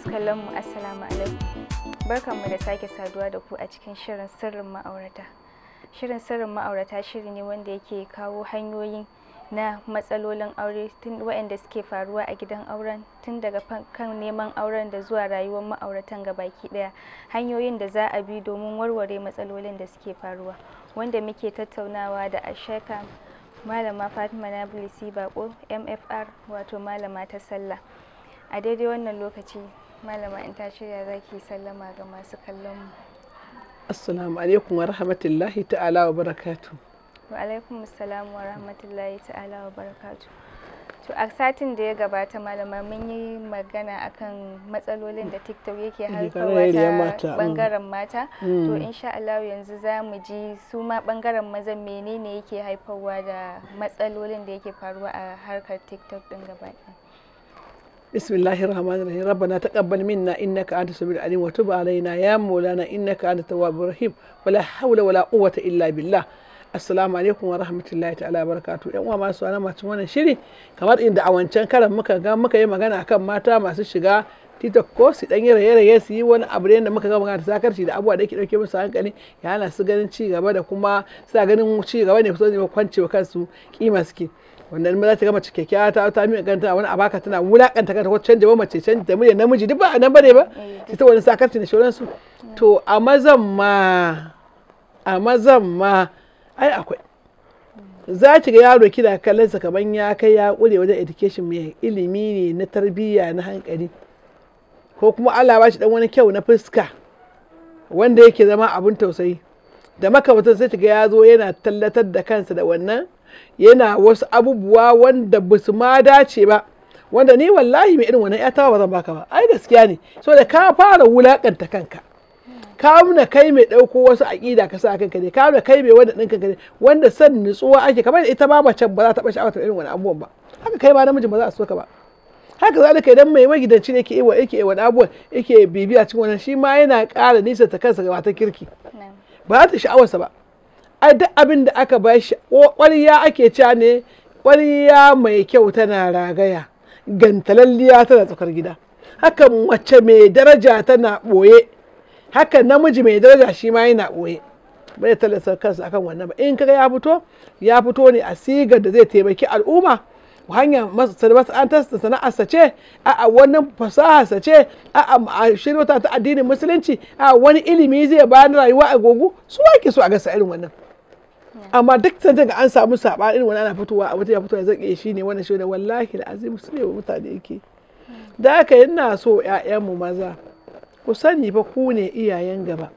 masu kallon mu assalamu alaikum barkanmu da sake saduwa da ku a cikin shirin sirrin ma'aurata shirin sirrin ma'aurata shiri ne wanda yake kawo hanyoyi na matsalolin aure tun waɗanda suke faruwa a gidan auren tun daga kan neman auren da zuwa rayuwar ma'auratan ga baki ɗaya hanyoyin da za a bi domin warware matsalolin da suke faruwa wanda muke tattaunawa da asheka malama fatima na bilisi bako mfr wato malama ta sallah a daidai wannan lokaci malama in ta shirya za ki sallama ga masu kallon mu assalamu alaikum wa rahmatullahi ta'ala wa barakatu wa alaikum assalam wa rahmatullahi ta'ala wa barakatu to a satin da ya gabata malama mun yi magana akan matsalolin da tiktok yake mm. haifarwa ta bangaren mata mm. to insha Allah yanzu za mu ji su ma bangaren maza menene yake haifarwa da matsalolin da yake faruwa a harkar tiktok din gaba بسم الله الرحمن الرحيم ربنا تقبل منا انك انت السميع العليم وتب علينا يا مولانا انك انت التواب الرحيم ولا حول ولا قوه الا بالله assalamu alaikum wa rahmatullahi ta'ala barakatu yan uwa masu wani masu wannan shiri kamar inda a wancan karan muka ga muka yi magana akan mata masu shiga titok ko su dan yare raye-raye yi wani abu da yadda muka ga magana sakarci da abubuwa da yake dauke musu hankali ya hana su ganin ci gaba da kuma sa ganin ci gaba ne su ne wa kansu kima suke wannan ma za ta gama cikakkiya ta ta mi kanta wani abaka tana wulakanta kanta wacce ba mace canje da namiji duk ba a nan bane ba sai eh. ta wani sakarci da shauran su eh. to a mazan ma a mazan ma ai akwai za ki ga yaro kina kallon sa kaman ya kai ya kure wajen education mai ilimi ne na tarbiyya na hankali ko kuma Allah ba shi dan wani kyau na fuska wanda yake zama abun tausayi da makamantan sai ga ya zo yana tallatar da kansa da wannan yana wasu abubuwa wanda ba su ma dace ba wanda ni wallahi mai irin wannan yata ba zan baka ba ai gaskiya ne so da ka fara wulakanta kanka ka na kai mai ɗauko wasu aqida ka sa kanka ne ka na kai mai wanda dinka ne wanda san nutsuwa ake kamar ita ba mace ba za ta taɓa sha'awar irin wani abubuwan ba haka kai ma namijin ba za a so ka ba haka zalika idan mai magidanci ne ke yi wa yake yi wani abuwa yake bibiya cikin wannan shi ma yana ƙara nisa ta kansa ga matan kirki ba za ta sha'awarsa ba ai duk abin da aka ba shi ƙwariya ake cewa ne ƙwariya mai kyau tana ragaya gantalalliya tana tsakar gida hakan mace mai daraja tana ɓoye haka namiji mai daraja shi ma yana ɓoye bai talasa kansa akan wannan ba in kaga ya fito ya fito ne a sigar da zai taimaki al'umma hanyar masana'antarsa sana'arsa ce a wannan sace ce a shirya ta addinin musulunci a wani ilimi zai bayan rayuwa a gogu su ake so a gasa irin wannan amma duk san ga an samu saba irin wani ana fitowa a wata ya fito ya zake shi ne wani shi ne wallahi azimu su ne mutane yake hmm. da aka yi na so mu maza ku sani fa ku ne iyayen gaba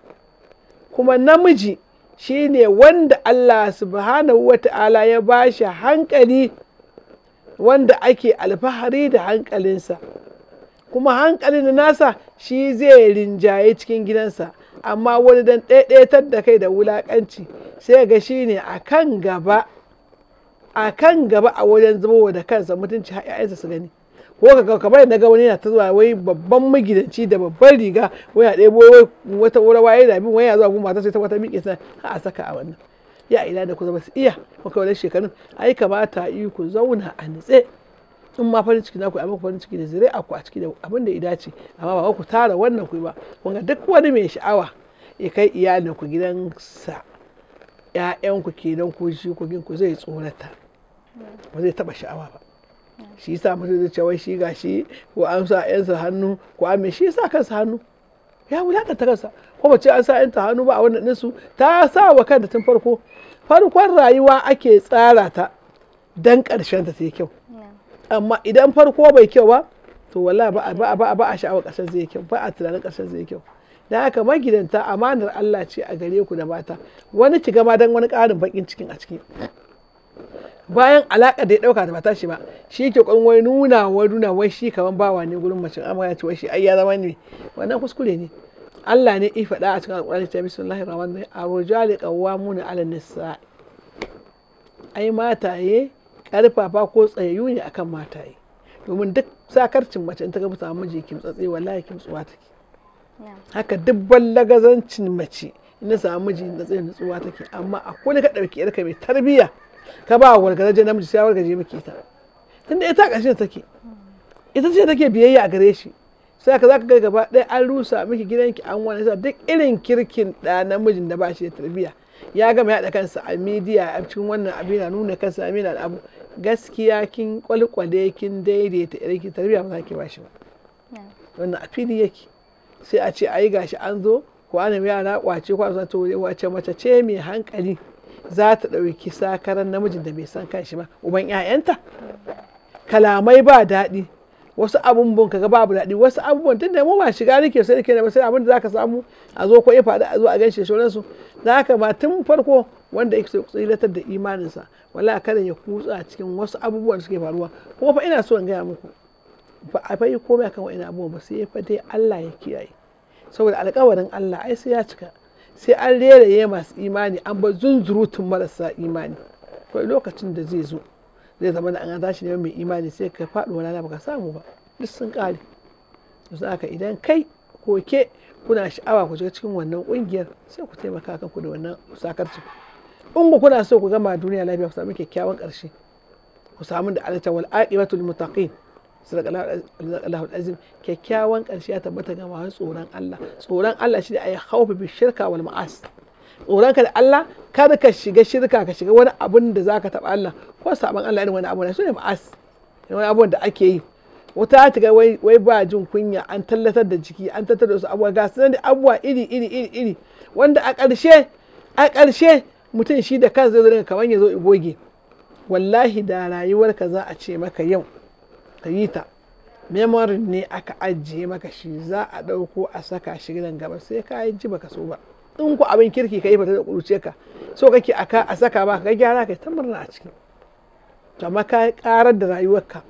kuma namiji shi ne wanda Allah subhanahu wa ta'ala ya ba shi hankali wanda ake alfahari da hankalinsa kuma hankalin nasa shi zai rinjaye cikin gidansa amma wani dan ɗaiɗaitar da kai da wulaƙanci sai ga shi ne a kan gaba a kan gaba a wajen zubowa da kansa mutunci ya'yansa su gani ko ka kamar na ga wani yana ta zuwa wai babban magidanci da babban riga wai a ɗebo wata wurawa ya bin wai ya zuwa gumata sai ta wata miƙe sana a saka a wannan ya ila da ku zama su iya maka wani shekarun ai kamata yi ku zauna a nitse in ma farin ciki naku amma farin ciki da zire a ku a ciki da abin da ya dace amma ba ku tara wannan ku ba wanga duk wani mai sha'awa ya kai iyalin ku gidansa 'ya'yanku kenan ko ku zai tsorata ba zai taɓa sha'awa ba shi sa mutum zai cewa shi ga shi ko an sa 'yansa hannu ko an shi sa kansa hannu ya ta kansa ko ce an sa 'yanta hannu ba a wannan ɗinsu ta sa wa kanta tun farko farkon rayuwa ake tsara ta dan ƙarshen ta yi kyau amma idan farko bai kyau ba to wala ba a ba a sha'awar ƙarshen zai kyau ba a tunanin ƙarshen zai kyau da haka magidanta amanar Allah ce a gare ku da mata wani ki gama don wani ƙarin baƙin cikin a ciki bayan alaƙa da ya ɗauka da mata shi ba shi ke ƙwanwai nuna wa nuna wai shi kamar bawa ne gurin mace amma ya ce wai shi zama ne wannan kuskure ne Allah ne ifa da a cikin alƙur'ani ta ne a rahim arujali qawwamuna 'ala nisa ai mataye ƙarfafa ko tsayayyu ne akan mataye domin duk sakarcin mace in ta ga samu miji kimtsatse wallahi kimtsuwa take haka duk ballagazancin mace na samu miji na tsaye nutsuwa take amma a kuli ka ɗauki yarka mai tarbiyya ka ba wa na namiji sai wargaje muke ta tunda ita ƙarshe take ita ce take biyayya a gare shi sai ka zaka ga gaba ɗaya an rusa miki gidanki an wani sa duk irin kirkin ɗa namijin da ba shi da tarbiyya ya gama yaɗa kansa a midiya a cikin wannan abin na nuna kansa a midiya abu gaskiya kin kwalkwale kin daidaita irin tarbiyya ba za ki ba shi ba wannan a fili yake sai a ce ayi gashi an zo kwanan yara kwace kwace ta wace mace ce mai hankali za ta ɗauki sakaran namijin da bai san kanshi ba uban 'ya'yanta kalamai ba daɗi wasu abubuwan kaga babu daɗi wasu abubuwan tunda mu ba shiga nake sai nake ba sai abin da zaka samu a zo ko ya faɗa a zo a ganshi shoran su da haka ba tun farko wanda yake tsilatar da imaninsa wallahi kada ya kutsa cikin wasu abubuwan da suke faruwa kuma fa ina so in gaya muku ba a bai komai kan wa'ina abubuwa ba sai fa dai Allah ya kiyaye saboda alkawarin Allah ai sai ya cika sai an reraye masu imani an ba zunzurutun marasa imani kawai lokacin da zai zo zai zama da an tashi neman mai imani sai ka faɗo rana baka samu ba duk sun ƙare yanzu haka idan kai ko ke kuna sha'awa ku shiga cikin wannan ƙungiyar sai ku taimaka kanku da wannan sakarci in ku kuna so ku gama duniya lafiya ku samu kyakkyawan ƙarshe ku samu da alta wal aqibatul mutaqin sadaqallahu azim kyakkyawan karshe ya tabbata ga masu tsoron Allah tsoron Allah shi ayi khawfa bi shirka wal ma'as tsoron ka da Allah kada ka shiga shirka ka shiga wani abun da zaka taba Allah ko saban Allah irin wani abu ne ma'as wani abu da ake yi wata ta ga wai ba jin kunya an tallatar da jiki an tattar da su abuwa ga sunan da abuwa iri iri iri iri wanda a ƙarshe a ƙarshe mutum shi da kansa zai zo kamar ya zo igoge wallahi da rayuwarka za a ce maka yau ka yi ta memory ne aka ajiye maka shi za a ɗauko a saka shi gidan gaba sai ka yi ji baka so ba in ku abin kirki ka yi fata da ƙuruce ka so kake a saka ba ka gyara ka ta murna a ciki to amma ka karar da rayuwarka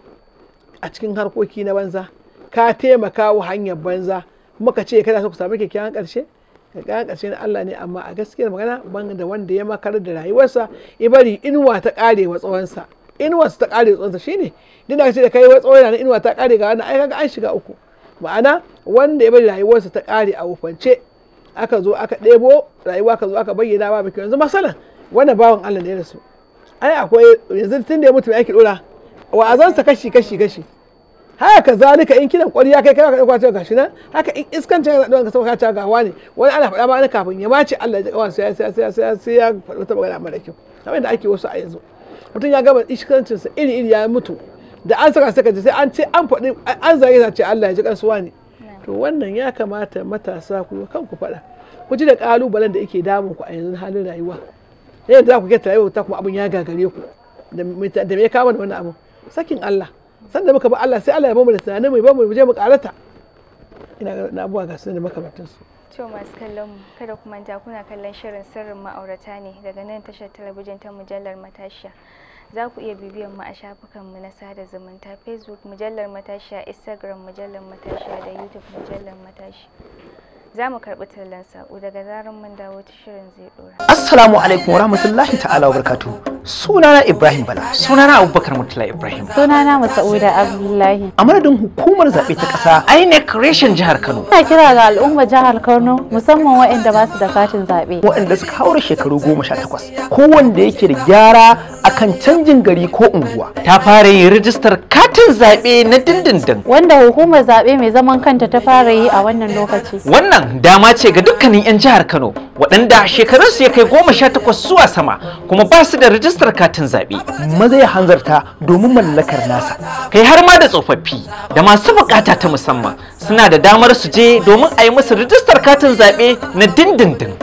a cikin harkoki na banza ka taimaka wa hanyar banza kuma ce kana so ku samu kyakkyawan ƙarshe ga ƙarshe na Allah ne amma a gaskiyar magana ban da wanda ya makar da rayuwarsa ibari inuwa ta ƙarewa wa sa. inuwa ta kare tsonsa shine duk da kace da kai wai tsawon na inuwa ta kare ga wannan ai kaga an shiga uku ma'ana wanda ya bari rayuwarsa ta kare a wufance aka zo aka ɗebo rayuwa aka zo aka bayyana ba miki yanzu masalan wannan bawan Allah ne da su ai akwai yanzu tun da ya mutu mai ake dora wa'azansa kashi kashi kashi haka zalika in kidan kwariya kai kai ka dauka cewa gashi nan haka in iskan ce ka dauka sauka ta gawa ne wani ana faɗa ma ana kafin ya mace Allah ya ji kawan sai sai sai sai ya faɗo ta magana mara kamar da ake wasu a yanzu mutum ya gaba iskancinsa iri iri ya mutu da an saka saka sai an ce an faɗi an zage ta ce Allah ya ji kansuwa ne to wannan ya kamata matasa ku yi kanku faɗa ku ji da ƙalubalen da yake damun ku a yanzu halin rayuwa yadda za ku kyauta rayuwa ta kuma abin ya gagare ku da me kama da wannan abu. sakin Allah sanda muka ba Allah sai Allah ya bamu da tunanin mai bamu mu je mu karata ina ga abubuwa ga su da makamantansu To masu kallon mu kada ku manta kuna kallon shirin sirrin ma'aurata ne daga nan tashar talabijin ta mujallar matashiya. Za ku iya bibiyan mu a shafukan mu na sada zumunta Facebook mujallar matashiya, Instagram mujallar matashiya da YouTube mujallar matashiya. za mu karɓi tallan saƙo daga zarar mun dawo ta shirin zai ɗora. Assalamu alaikum wa rahmatullahi ta'ala wa barakatu. Sunana Ibrahim Bala, sunana Abubakar Murtala Ibrahim. Sunana Masauda Abdullahi. A madadin hukumar zaɓe ta ƙasa INEC reshen jihar Kano. Ina kira ga al'ummar jihar Kano musamman waɗanda ba su da katin zaɓe. Waɗanda suka haura shekaru goma sha takwas. Kowanda yake da gyara akan canjin gari ko unguwa ta fara yin rijistar katin zaɓe na dindindin wanda hukumar zaɓe mai zaman kanta ta fara yi a wannan lokaci wannan dama ce ga dukkanin 'yan jihar kano waɗanda shekarunsu ya kai goma sha takwas zuwa sama kuma ba su da rijistar katin zaɓe maza ya hanzarta domin mallakar nasa kai har ma da tsofaffi da masu bukata ta musamman suna da damar su je domin a yi musu rijistar katin zaɓe na dindindin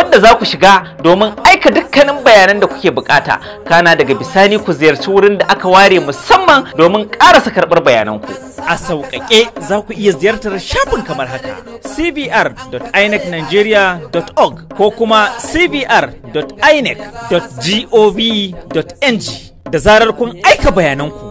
wanda za ku shiga domin aika dukkanin bayanan da kuke bukata kana daga bisani ku ziyarci wurin da aka ware musamman domin karasa karɓar bayananku a sauƙaƙe za ku iya ziyartar shafin kamar haka cbr.inecnigeria.org ko kuma cbr.inec.gov.ng da zarar kun aika bayananku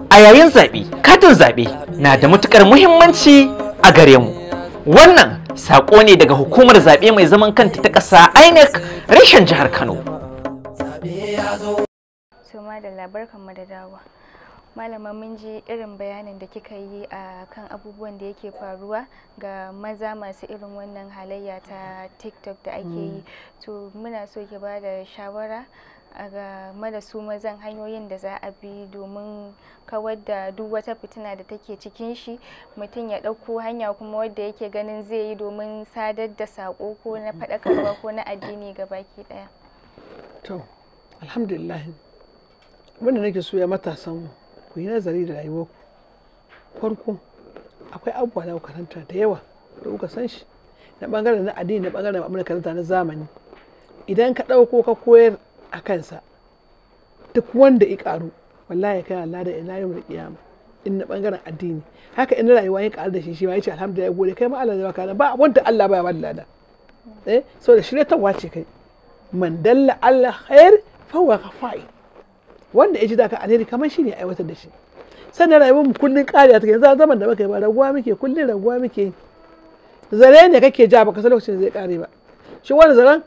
a yayin zaɓe katin zaɓe na da matukar muhimmanci a gare mu wannan saƙo ne daga hukumar zaɓe mai zaman kanta ta ƙasa inec rashin jihar kano malaman da dawa malama mun ji irin bayanin da kika yi a kan abubuwan da yake faruwa ga maza masu irin wannan halayya ta tiktok da ake yi hmm. to muna so ki ba da shawara game da su mazan hanyoyin da za a bi domin kawar da duk wata fitina da take cikin shi mutum ya ɗauko hanya kuma wadda yake ganin zai yi domin sadar da saƙo ko na faɗakarwa ko na addini baki ɗaya. to alhamdulillah wanda nake so ya matasan ku yi nazari da rayuwarku farko akwai abubuwa da karanta da yawa da kuka san shi na bangaren na addini na bangaren abin karanta na zamani idan ka ɗauko ka koyar a kansa duk wanda ya karu wallahi ya kai Allah da ina yau da kiyama in na bangaren addini haka in rayuwa ya karu da shi shi ma yace alhamdulillah gode kai ma Allah da baka ba wanda Allah baya ba lada eh so da ta ce kai man dalla Allah khair fa huwa ghafai wanda ya ji da ka alheri kamar shi ne aiwatar da shi sannan rayuwar mu kullun kariya take yanzu zaman da baka yi ba raguwa muke kullun raguwa muke zare ne kake ja baka san lokacin zai kare ba shi wani zaren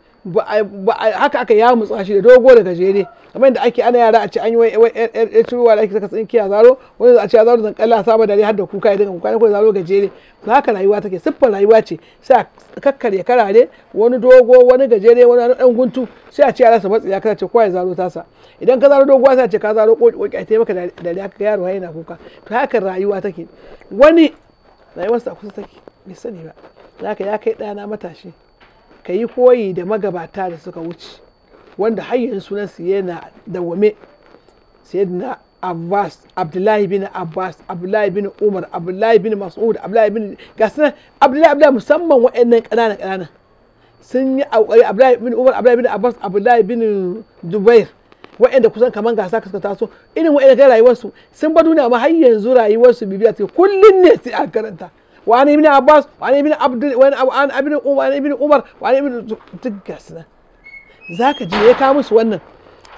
haka aka ya mutsa shi da dogo da gajere kamar da ake ana yara a ce an yi wani ciruwa da ake saka tsinkiya zaro wani a ce zaro zan kalla saba dare har da kuka ya dinga kuka ko zaro gajere to haka rayuwa take siffar rayuwa ce sai a kakkarya karare wani dogo wani gajere wani dan guntu sai a ci yara su matsi ya kace ce ya zaro tasa idan ka zaro dogo sai a ce ka zaro koki koki a taimaka da da ka yaro yana kuka to haka rayuwa take wani rayuwarsa kusa take bai sani ba zaka ya kai ɗana matashi ka yi koyi da magabata da suka wuce wanda na sunansu yana dawame sayyidina Abbas Abdullahi bin Abbas Abdullahi bin Umar Abdullahi bin Mas'ud Abdullahi bin Gasana, Abdullahi Abdullahi musamman waɗannan kanana kanana sun yi aukari Abdullahi bin Umar Abdullahi bin Abbas Abdullahi bin Dubair waɗanda kusan kaman gasa suka taso irin waɗanda ga rayuwarsu sun ba duniya ma har yanzu rayuwarsu bibiya ce kullun ne sai a karanta wa an ibn abbas wa an ibn abdul wa an ibn umar wa an ibn umar wa an ibn ji ya ka wannan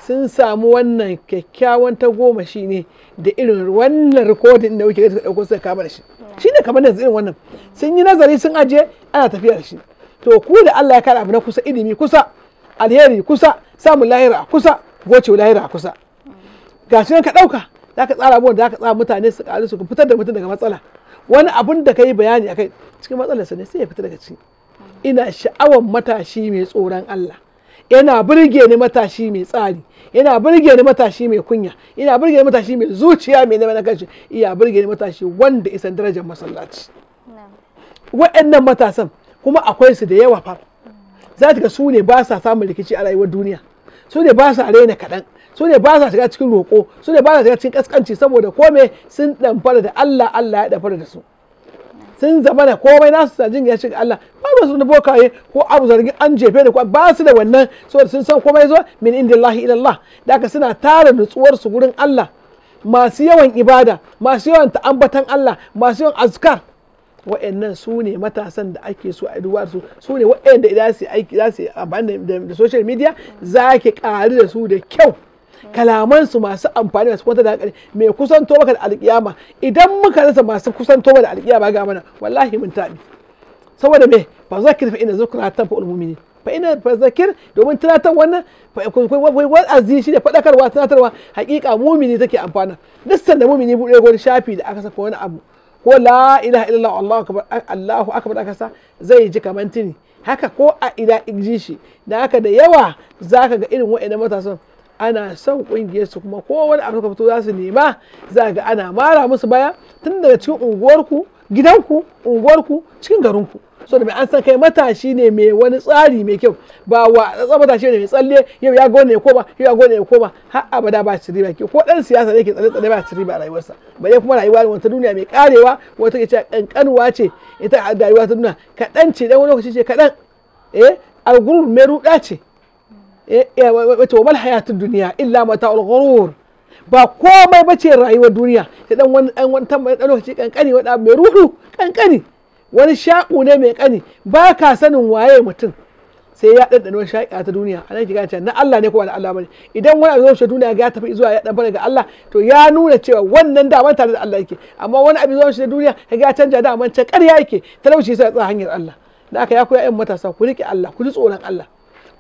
sun samu wannan kyakkyawan ta goma shi ne da irin wannan rikodin da wuke da ɗauko suka kama da shi shi ne kamar da irin wannan sun yi nazari sun ajiye ana tafiya da shi to ku da Allah ya kara abu na kusa ilimi kusa alheri kusa samun lahira kusa goce lahira kusa ga shi ka ɗauka za ka tsara abubuwan da za ka tsara mutane su ƙaru su fitar da mutum daga matsala wani abun da ka yi bayani akai cikin matsalarsa ne sai ya fita daga ciki ina sha'awar matashi mai tsoron Allah yana burge ni matashi mai tsari yana burge ni matashi mai kunya yana burge ni matashi mai zuciya mai neman kanshi iya burge ni matashi wanda isan darajar masallaci wa'annan matasan kuma akwai su da yawa fa za ta su ne ba sa samun rikici a rayuwar duniya su ne ba sa raina kaɗan su ne ba sa shiga cikin roƙo su ne ba sa shiga cikin kaskanci saboda kome sun damfara da Allah Allah ya damfara da su sun zama da komai nasu jin ya shiga Allah ba ba su da bokaye ko abu zargin an jefe da ba su da wannan saboda sun san komai zo min indillahi ilallah da aka suna tara nutsuwar su gurin Allah masu yawan ibada masu yawan ta'ambatan Allah masu yawan azkar wa'annan su ne matasan da ake so a duba su su ne wa'anda idan su aiki za su amfani da social media za ke ƙari da su da kyau kalaman su masu amfani da su kwanta da hankali mai kusanto maka da alkiyama idan muka rasa masu kusanto da alkiyama ga mana wallahi mun tabi saboda me fa zakir fa inna zikra tanfa'ul mu'minin fa ina fa zakir domin tunatar wannan wa'azi shi da faɗakarwa tunatarwa hakika mumini take amfana duk sanda mumini buɗe gwani shafi da aka saka wani abu ko la ilaha illallah allahu akbar allahu akbar aka sa zai ji kaman tini haka ko a ila ji shi da haka da yawa zaka ga irin wa'annan matasan ana son ƙungiyarsu kuma kowane abu ka fito za su nema za ga ana mara musu baya tun daga cikin unguwarku gidanku unguwarku cikin garinku so da mai an san kai matashi ne mai wani tsari mai kyau ba wa tsatsa matashi ne mai tsalle yau ya gone ya koma yau ya gone ya koma har abada ba ci riba ko dan siyasa ne ke tsalle tsalle ba ci riba a rayuwarsa ba dai kuma rayuwa ne wata duniya mai karewa wata ke cewa kankanuwa ce ita a rayuwa ta duniya kaɗan ce dan wani lokaci ce kaɗan eh algurur mai ruɗa ce Eh, eh, wato wal hayatun duniya illa mata al ghurur ba komai bace rayuwar duniya sai dan wani dan wani tambayi dan lokaci kankani wada mai ruhu kankani wani shaku ne mai kani ba ka sanin waye mutum sai ya ɗanɗano shaƙiya ta duniya a nan ki gane na Allah ne ko ba na Allah bane idan wani abin zuwa duniya ya tafi zuwa ya fara ga Allah to ya nuna cewa wannan da tare da Allah yake amma wani abin zuwa duniya ka ga canja daman can ƙarya yake talauci sai ya tsaya hanyar Allah da aka ya koya ƴan matasa ku riƙe Allah ku ji tsoron Allah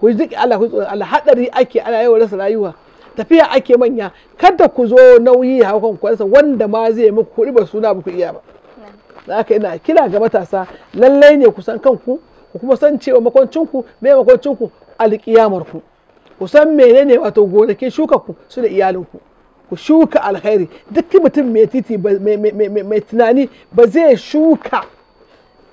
ku ji Allah ku tsoron Allah ake ana yawan rasa rayuwa tafiya ake manya kada ku zo nauyi haukan ku rasa wanda ma zai muku kuɗi ba suna ba ku iya ba da haka ina kira ga matasa lallai ne ku san kanku ku kuma san cewa makwancinku me makwancinku alƙiyamarku ku san menene wato gonakin shuka ku su da iyalinku ku shuka alkhairi duk mutum mai titi mai tunani ba zai shuka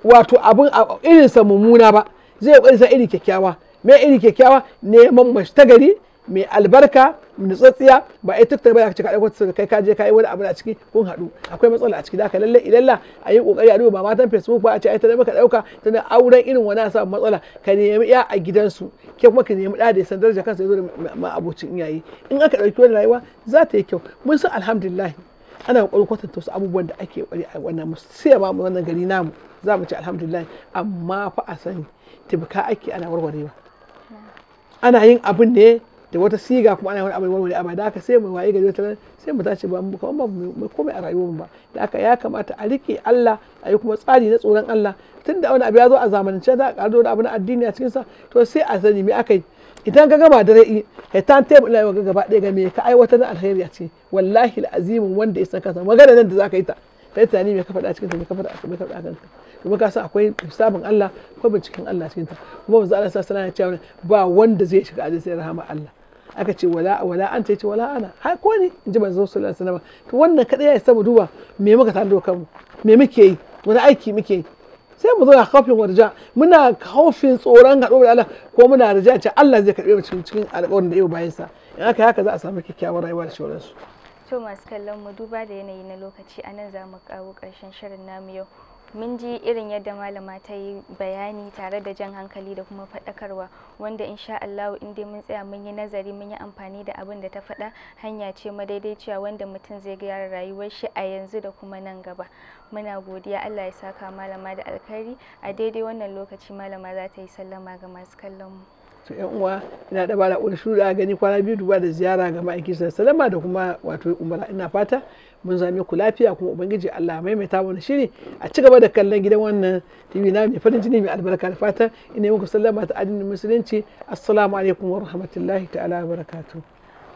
wato abin irinsa mummuna ba zai ƙwarinsa irin kyakkyawa me iri kyakkyawa neman mace ta gari mai albarka nutsatsiya ba ai tattara ba za ka ci ka kai ka je ka yi wani abu a ciki kun haɗu akwai matsala a ciki da ka lalle ilalla a yi kokari a duba ba matan facebook ba a ce ai ta maka ɗauka tana auren irin wani samun matsala ka nemi ya a gidansu ke kuma ka nemi ɗa da ya san daraja kansa yazo da da abocin iyaye in aka ɗauki wani rayuwa za ta yi kyau mun san alhamdulillah ana kokarin kwatanta wasu abubuwan da ake kokari a wannan mu sai ma mu wannan gari namu za mu ci alhamdulillah amma fa a sani tibka ake ana warwarewa ana yin abin ne da wata siga kuma ana wani abin wani abu da aka sai mu waye gari wata sai mu tashi ba mu kuma mu komai a rayuwar ba da aka ya kamata a rike Allah a yi kuma tsari na tsoron Allah tun da wani abu ya zo a zamanance za a karo da abu na addini a cikin sa to sai a sani me aka yi idan ka gama da rai ka tan table ina ga gaba ɗaya ga me ka aiwatar da alheri a ce wallahi al'azimin wanda ya san kansa magana nan da zaka yi ta kai tunani me ka faɗa cikin ta me ka faɗa a kanka kuma ka san akwai hisabin Allah akwai binciken Allah cikin ta kuma manzo Allah sallallahu alaihi wasallam ya ce ba wanda zai shiga aljanna sai rahama Allah aka ce wala wala an ce wala ana har ko ne in ji manzo sallallahu alaihi wasallam to wannan kada ya saba duba me muka tando mu me muke yi wani aiki muke yi sai mu zauna kafin warja muna kafin tsoron haɗo da Allah ko muna raja ce Allah zai karbe mu cikin cikin alƙawarin da yau bayan sa in aka haka za a samu kyakkyawar rayuwa da su. to masu kallon mu duba da yanayi na lokaci anan za mu kawo ƙarshen shirin namu yau mun ji irin yadda malama ta yi bayani tare da jan hankali da kuma faɗakarwa wanda insha Allah in dai mun tsaya mun yi nazari mun yi amfani da abin da ta faɗa hanya ce madaidaiciya wanda mutum zai gyara rayuwar shi a yanzu da kuma nan gaba muna godiya Allah ya saka malama da alkhairi a daidai wannan lokaci malama za ta yi sallama ga masu kallon mu to yan uwa ina da bala ƙudu da gani kwana biyu duba da ziyara ga ma'aiki sallama da kuma wato umara ina fata mun zame ku lafiya kuma ubangiji Allah maimaita wani shiri a ci gaba da kallon gidan wannan TV na mai farin jini mai albarka da fata ina muku sallama ta addinin musulunci assalamu alaikum wa rahmatullahi ta'ala wa barakatuh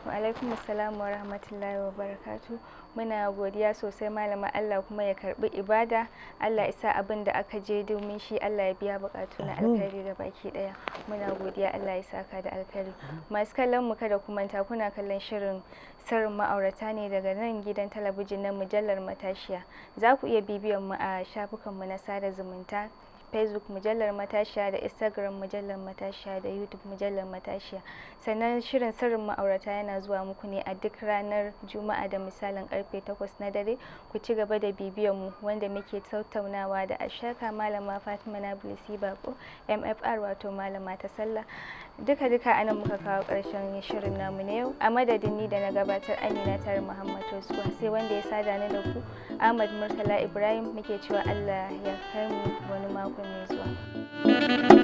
wa alaikum assalam wa rahmatullahi wa barakatuh muna godiya sosai malama Allah kuma ya karbi ibada Allah isa abin da aka je domin shi Allah ya biya bukatu na alkhairi da baki daya muna godiya Allah ya saka da alkhairi masu kallon mu kada ku manta kuna kallon shirin sirrin ma'aurata ne daga nan gidan talabijin na mujallar matashiya za ku iya bibiyan mu a shafukan mu na sada zumunta facebook mujallar matashiya da instagram mujallar matashiya da youtube mujallar matashiya sannan shirin sirrin ma'aurata yana zuwa muku ne a duk ranar juma'a da misalin karfe 8 na dare ku ci gaba da bibiyan mu wanda muke tattaunawa da ashaka malama fatima na bako mfr wato malama ta sallah duka duka a nan muka kawo ƙarshen shirin namu na yau a madadin ni da na gabatar amina tare muhammad rasuwa sai wanda ya sada ni da ku ahmad murtala ibrahim muke cewa allah ya kai mu wani mako mai zuwa